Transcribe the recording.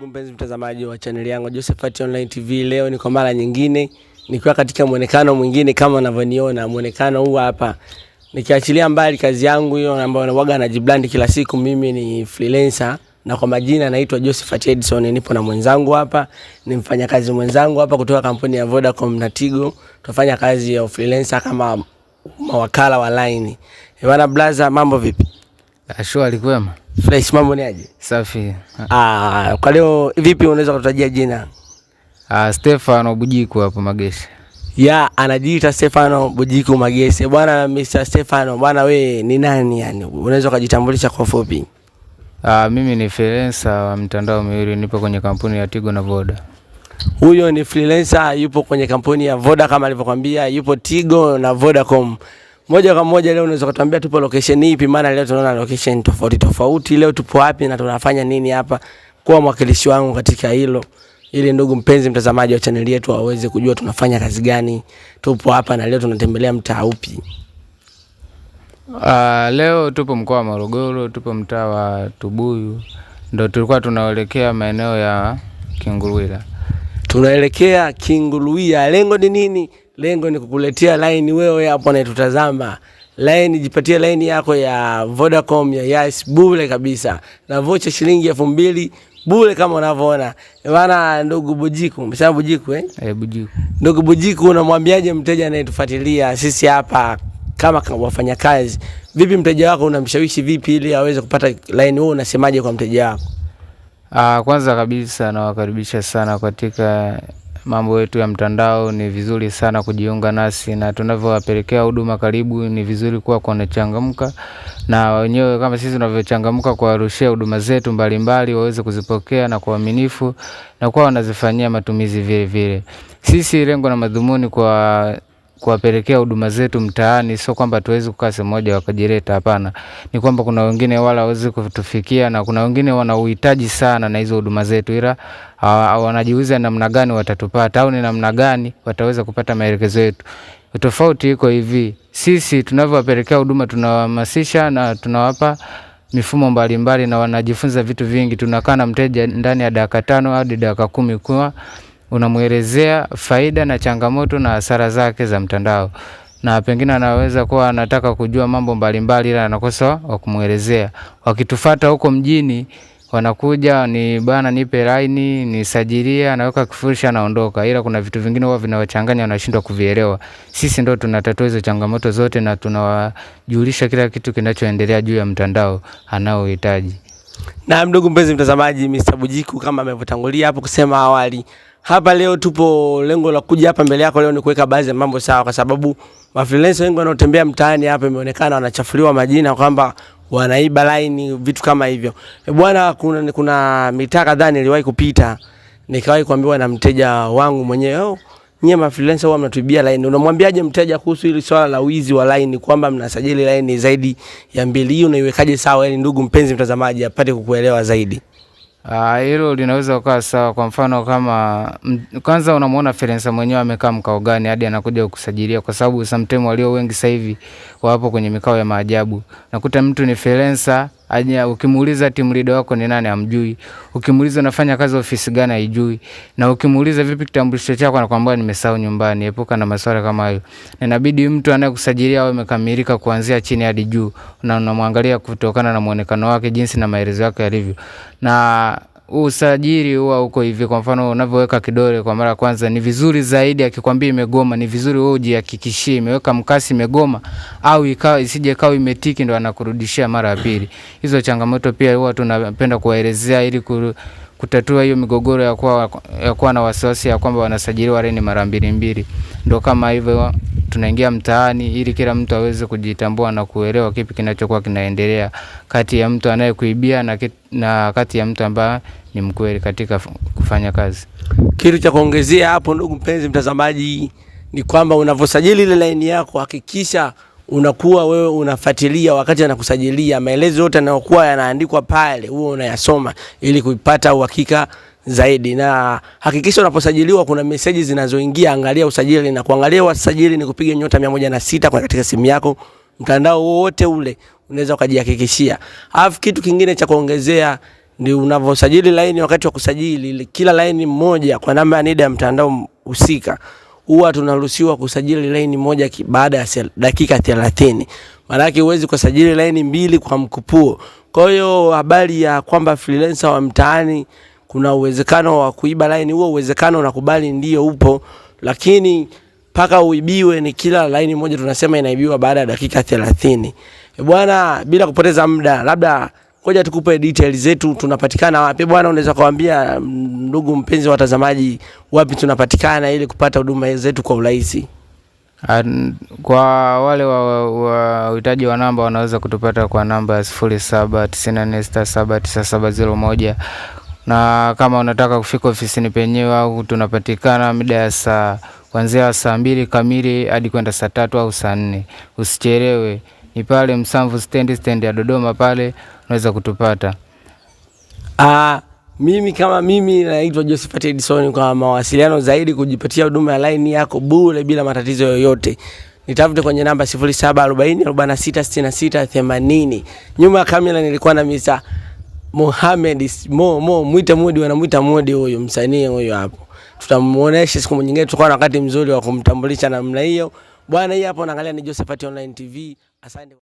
Ndugu mpenzi mtazamaji wa chaneli yangu Josephat Online TV, leo ni kwa mara nyingine nikiwa katika muonekano mwingine kama unavyoniona. Muonekano huu hapa, nikiachilia mbali kazi yangu hiyo ambayo nawaga na jibrand kila siku, mimi ni freelancer na kwa majina naitwa Josephat Edison. Nipo na mwenzangu hapa, ni mfanyakazi mwenzangu hapa kutoka kampuni ya Vodacom na Tigo. Tunafanya kazi ya freelancer kama mawakala wa line. Bwana blaza, mambo vipi? Ashua alikwema Fresh, mambo ni aje? Safi. Ah, kwa leo vipi unaweza kutajia jina? Ah, Stefano Bujiku hapo Magese. Ya, anajiita Stefano Bujiku Magese. Bwana Mr. Stefano, bwana we ni nani yani? Unaweza ukajitambulisha kwa fupi? Ah, mimi ni freelancer wa mitandao miwili, nipo kwenye kampuni ya Tigo na Voda. Huyo ni freelancer, yupo kwenye kampuni ya Voda kama alivyokwambia, yupo Tigo na Vodacom moja kwa moja leo unaweza kutuambia tupo location ipi? Maana leo tunaona location tofauti tofauti. Leo tupo wapi na tunafanya nini hapa? Kuwa mwakilishi wangu katika hilo, ili ndugu mpenzi mtazamaji wa chaneli yetu aweze kujua tunafanya kazi gani, tupo hapa na leo tunatembelea mtaa upi? Uh, leo tupo mkoa wa Morogoro, tupo mtaa wa Tubuyu, ndo tulikuwa tunaelekea maeneo ya Kinguruila, Tunaelekea Kinguruila, lengo ni nini? lengo ni kukuletea laini wewe hapo anayetutazama laini, jipatie laini yako ya Vodacom ya Yas bure kabisa na vocha shilingi elfu mbili bure kama unavyoona bana. Ndugu Bujiku, msema Bujiku eh? Eh, Bujiku. Ndugu Bujiku, unamwambiaje mteja anayetufuatilia sisi hapa kama wafanyakazi? Vipi mteja wako unamshawishi vipi ili aweze kupata laini? Wewe unasemaje kwa mteja wako? Ah, kwanza kabisa nawakaribisha sana katika mambo yetu ya mtandao ni vizuri sana kujiunga nasi na tunavyowapelekea huduma karibu, ni vizuri kuwa wanachangamka na wenyewe kama sisi tunavyochangamka kuwarushia huduma zetu mbalimbali, waweze kuzipokea na kwa uaminifu na kuwa wanazifanyia matumizi vile vile. Sisi lengo na madhumuni kwa kuwapelekea huduma zetu mtaani. Sio kwamba tuwezi kukaa sehemu moja wakajileta, hapana. Ni kwamba kuna wengine wala hawezi kutufikia na kuna wengine wana uhitaji sana na hizo huduma zetu, ila wanajiuliza namna gani watatupata au ni namna gani wataweza kupata maelekezo yetu. Tofauti iko hivi, sisi tunavyowapelekea huduma tunawahamasisha na tunawapa mifumo mbalimbali mbali, na wanajifunza vitu vingi. Tunakaa na mteja ndani ya dakika tano hadi dakika kumi kuwa unamwelezea faida na changamoto na hasara zake za mtandao, na pengine anaweza kuwa anataka kujua mambo mbalimbali, ila anakosa wa kumwelezea. Wakitufata huko mjini wanakuja ni bana, nipe laini nisajilie, anaweka kifurushi anaondoka, ila kuna vitu vingine huwa vinawachanganya, wanashindwa kuvielewa. Sisi ndo tunatatua hizo changamoto zote na tunawajulisha kila kitu kinachoendelea juu ya mtandao anaohitaji. Na ndugu mpenzi mtazamaji, Mr. Bujiku kama amevyotangulia hapo kusema awali hapa leo tupo, lengo la kuja hapa mbele yako leo ni kuweka baadhi ya mambo sawa, kwa sababu mafreelancer wengi wanaotembea mtaani hapa imeonekana wanachafuliwa majina kwamba wanaiba line, vitu kama hivyo. E bwana, kuna, kuna mitaa kadhaa niliwahi kupita nikawahi kuambiwa na mteja wangu mwenyewe oh, nyie mafreelancer huwa mnatuibia line. Unamwambiaje mteja kuhusu hili swala la wizi wa line, kwamba mnasajili line zaidi ya mbili? Hiyo unaiwekaje sawa, yani ndugu mpenzi mtazamaji apate kukuelewa zaidi? Ah, hilo linaweza ukawa sawa. Kwa mfano kama kwanza unamwona Ferensa mwenyewe amekaa mkao gani hadi anakuja kukusajilia, kwa sababu sometimes walio wengi sasa hivi wapo kwenye mikao ya maajabu, nakuta mtu ni Ferensa Anya, ukimuuliza timu leader wako ni nani amjui, ukimuuliza unafanya kazi ofisi gani haijui, na ukimuuliza vipi kitambulisho chako anakuambia nimesahau nyumbani. Epuka na maswali kama hayo, inabidi mtu anayekusajilia awe amekamilika kuanzia chini hadi juu, na unamwangalia kutokana na muonekano wake jinsi na maelezo yake yalivyo na usajili huwa uko hivi. Kwa mfano unavyoweka kidole kwa mara kwanza, ni vizuri zaidi akikwambia imegoma, ni vizuri wewe ujihakikishie imeweka mkasi, imegoma au ikawa isije kawa imetiki, ndo anakurudishia mara ya pili. Hizo changamoto pia huwa tunapenda kuwaelezea ili kutatua hiyo migogoro ya kuwa, ya kuwa na wasiwasi ya kwamba wanasajiliwa reni mara mbili mbili, ndo kama hivyo tunaingia mtaani ili kila mtu aweze kujitambua na kuelewa kipi kinachokuwa kinaendelea kati ya mtu anayekuibia na, na kati ya mtu ambaye ni mkweli katika kufanya kazi. Kitu cha kuongezea hapo, ndugu mpenzi mtazamaji, ni kwamba unavyosajili ile laini yako hakikisha unakuwa wewe unafuatilia wakati anakusajilia, maelezo yote yanayokuwa yanaandikwa pale, huo unayasoma ili kuipata uhakika zaidi, na hakikisha unaposajiliwa kuna meseji zinazoingia, angalia usajili na kuangalia wasajili ni kupiga nyota mia moja na sita kwa katika simu yako, mtandao wowote ule unaweza ukajihakikishia. Alafu kitu kingine cha kuongezea ni unavyosajili laini, wakati wa kusajili kila laini moja kwa namba ya NIDA ya mtandao husika huwa tunaruhusiwa kusajili laini moja baada ya dakika 30. Maana yake huwezi kusajili laini mbili kwa mkupuo. Kwa hiyo habari ya kwamba freelancer wa mtaani kuna uwezekano wa kuiba laini. Huo uwezekano nakubali ndio upo, lakini mpaka uibiwe ni kila laini moja tunasema inaibiwa baada ya dakika 30. E bwana, bila kupoteza muda, labda ngoja tukupe details zetu, tunapatikana wapi e bwana? Unaweza kuambia mm, ndugu mpenzi wa watazamaji wapi tunapatikana ili kupata huduma zetu kwa urahisi? Kwa wale wahitaji wa, wa, wa namba wanaweza kutupata kwa namba ya moja na kama unataka kufika ofisini penyewe au tunapatikana mida ya saa kuanzia saa mbili kamili hadi kwenda saa tatu au saa nne. Usichelewe, ni pale Msamvu stendi, stendi ya Dodoma pale unaweza kutupata. Aa, ah, mimi kama mimi naitwa Josephat Edison. Kwa mawasiliano zaidi, kujipatia huduma ya laini yako bure bila matatizo yoyote, nitafute kwenye namba 0740 466680. Nyuma ya kamera nilikuwa na misa Mohamed Mo Mo muita mudi wanamuita Mudi huyo msanii huyo hapo. Tutamuonesha siku nyingine, tutakuwa na wakati mzuri wa kumtambulisha namna hiyo. Bwana, hii hapo naangalia ni Josephat Online TV. Asante.